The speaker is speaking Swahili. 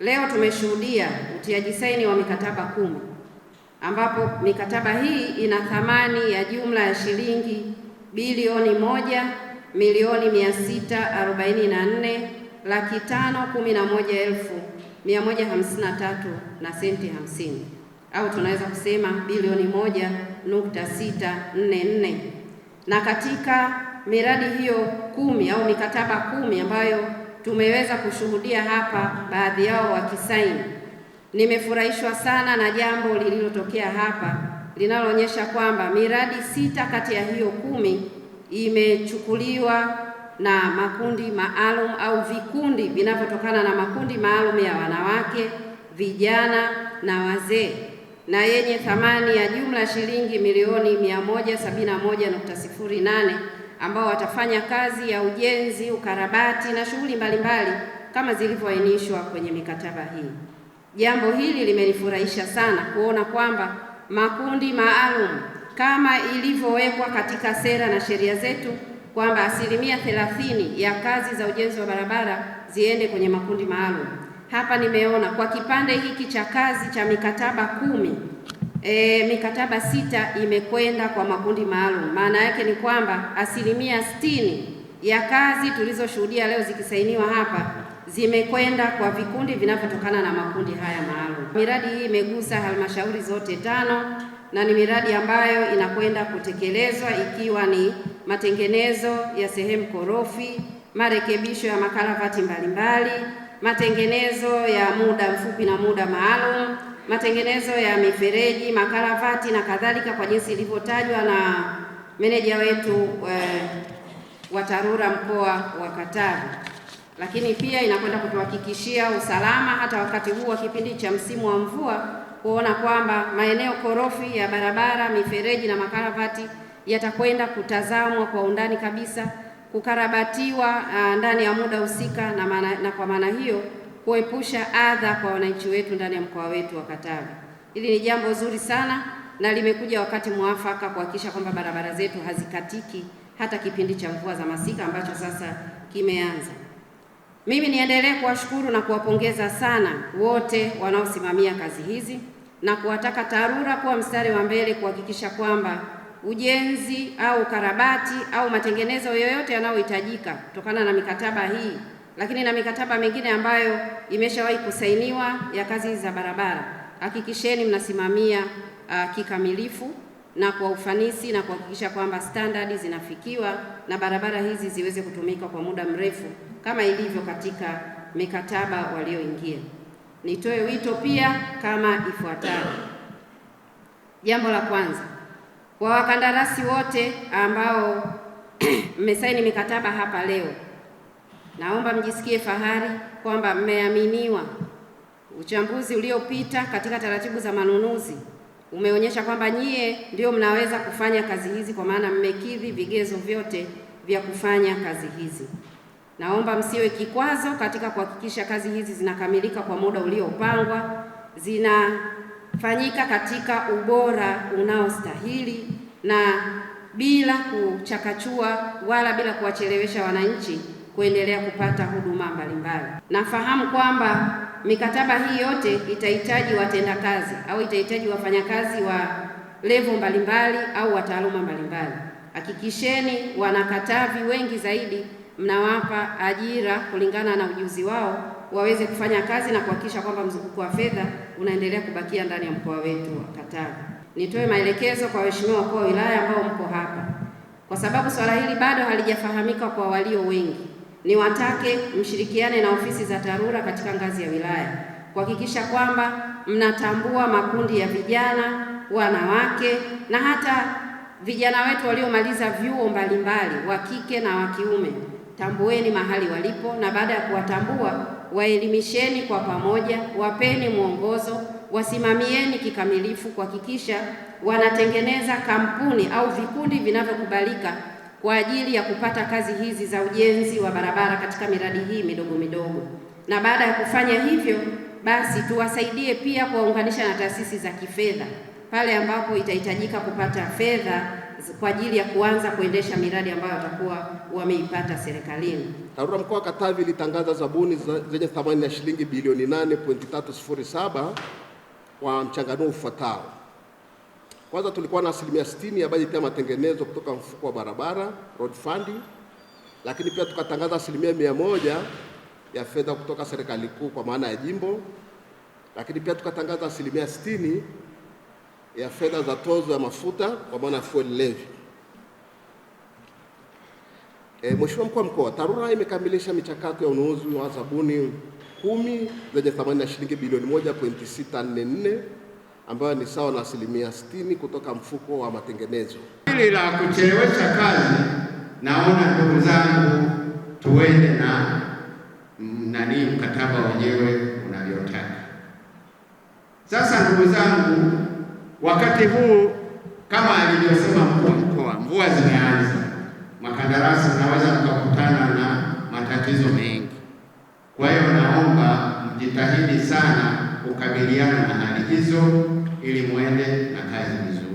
Leo tumeshuhudia utiaji saini wa mikataba kumi ambapo mikataba hii ina thamani ya jumla ya shilingi bilioni moja milioni mia sita arobaini na nne laki tano kumi na moja elfu mia moja hamsini na tatu na senti hamsini au tunaweza kusema bilioni moja nukta sita nne nne na katika miradi hiyo kumi au mikataba kumi ambayo tumeweza kushuhudia hapa baadhi yao wakisaini. Nimefurahishwa sana na jambo lililotokea hapa linaloonyesha kwamba miradi sita kati ya hiyo kumi imechukuliwa na makundi maalum au vikundi vinavyotokana na makundi maalum ya wanawake, vijana na wazee na yenye thamani ya jumla shilingi milioni 171.08 ambao watafanya kazi ya ujenzi, ukarabati na shughuli mbalimbali kama zilivyoainishwa kwenye mikataba hii. Jambo hili limenifurahisha sana kuona kwamba makundi maalum kama ilivyowekwa katika sera na sheria zetu kwamba asilimia thelathini ya kazi za ujenzi wa barabara ziende kwenye makundi maalum. Hapa nimeona kwa kipande hiki cha kazi cha mikataba kumi e, mikataba sita imekwenda kwa makundi maalum. Maana yake ni kwamba asilimia sitini ya kazi tulizoshuhudia leo zikisainiwa hapa zimekwenda kwa vikundi vinavyotokana na makundi haya maalum. Miradi hii imegusa halmashauri zote tano na ni miradi ambayo inakwenda kutekelezwa ikiwa ni matengenezo ya sehemu korofi, marekebisho ya makalavati mbalimbali, matengenezo ya muda mfupi na muda maalum matengenezo ya mifereji, makaravati na kadhalika, kwa jinsi ilivyotajwa na meneja wetu eh, wa TARURA mkoa wa Katavi. Lakini pia inakwenda kutuhakikishia usalama hata wakati huu wa kipindi cha msimu wa mvua, kuona kwamba maeneo korofi ya barabara, mifereji na makaravati yatakwenda kutazamwa kwa undani kabisa, kukarabatiwa uh, ndani ya muda husika na, na kwa maana hiyo kuepusha adha kwa wananchi wetu ndani ya mkoa wetu wa Katavi. Hili ni jambo zuri sana na limekuja wakati mwafaka kuhakikisha kwamba barabara zetu hazikatiki hata kipindi cha mvua za masika ambacho sasa kimeanza. Mimi niendelee kuwashukuru na kuwapongeza sana wote wanaosimamia kazi hizi na kuwataka TARURA kuwa mstari wa mbele kuhakikisha kwamba ujenzi au ukarabati au matengenezo yoyote yanayohitajika kutokana na mikataba hii lakini na mikataba mingine ambayo imeshawahi kusainiwa ya kazi za barabara, hakikisheni mnasimamia uh, kikamilifu na kwa ufanisi na kuhakikisha kwamba standardi zinafikiwa na barabara hizi ziweze kutumika kwa muda mrefu kama ilivyo katika mikataba walioingia. Nitoe wito pia kama ifuatavyo. Jambo la kwanza, kwa wakandarasi wote ambao mmesaini mikataba hapa leo Naomba mjisikie fahari kwamba mmeaminiwa. Uchambuzi uliopita katika taratibu za manunuzi umeonyesha kwamba nyie ndio mnaweza kufanya kazi hizi kwa maana mmekidhi vigezo vyote vya kufanya kazi hizi. Naomba msiwe kikwazo katika kuhakikisha kazi hizi zinakamilika kwa muda uliopangwa, zinafanyika katika ubora unaostahili na bila kuchakachua wala bila kuwachelewesha wananchi kuendelea kupata huduma mbalimbali. Nafahamu kwamba mikataba hii yote itahitaji watendakazi au itahitaji wafanyakazi wa levo mbalimbali au wataaluma mbalimbali. Hakikisheni wanakatavi wengi zaidi mnawapa ajira kulingana na ujuzi wao waweze kufanya kazi na kuhakikisha kwamba mzunguko wa fedha unaendelea kubakia ndani ya mkoa wetu wa Katavi. Nitoe maelekezo kwa waheshimiwa wakuu wa wilaya ambao mko hapa, kwa sababu swala hili bado halijafahamika kwa walio wengi niwatake mshirikiane na ofisi za TARURA katika ngazi ya wilaya kuhakikisha kwamba mnatambua makundi ya vijana, wanawake na hata vijana wetu waliomaliza vyuo mbalimbali wa kike na wa kiume. Tambueni mahali walipo, na baada ya kuwatambua waelimisheni kwa pamoja, wapeni mwongozo, wasimamieni kikamilifu kuhakikisha wanatengeneza kampuni au vikundi vinavyokubalika kwa ajili ya kupata kazi hizi za ujenzi wa barabara katika miradi hii midogo midogo, na baada ya kufanya hivyo basi tuwasaidie pia kuwaunganisha na taasisi za kifedha pale ambapo itahitajika kupata fedha kwa ajili ya kuanza kuendesha miradi ambayo watakuwa wameipata serikalini. TARURA mkoa wa Katavi ilitangaza zabuni zenye thamani ya shilingi bilioni 8.307 kwa mchanganuo ufuatao: kwanza tulikuwa na asilimia 60 ya bajeti ya matengenezo kutoka mfuko wa barabara road funding, lakini pia tukatangaza asilimia mia moja ya fedha kutoka serikali kuu kwa maana ya jimbo, lakini pia tukatangaza asilimia 60 ya fedha za tozo ya mafuta kwa maana ya fuel levy. E, Mheshimiwa mkuu wa mkoa, TARURA imekamilisha michakato ya ununuzi wa sabuni kumi zenye thamani ya shilingi bilioni 1.644 ambayo ni sawa na asilimia 60 kutoka mfuko wa matengenezo. Hili la kuchelewesha kazi, naona ndugu zangu, tuende na mm, nani mkataba wenyewe unavyotaka. Sasa ndugu zangu, wakati huu kama alivyosema mkuu mkoa, mvua zimeanza, makandarasi naweza mkakutana na matatizo mengi. Kwa hiyo naomba mjitahidi sana kukabiliana na hali hizo. ili muende na kazi vizuri.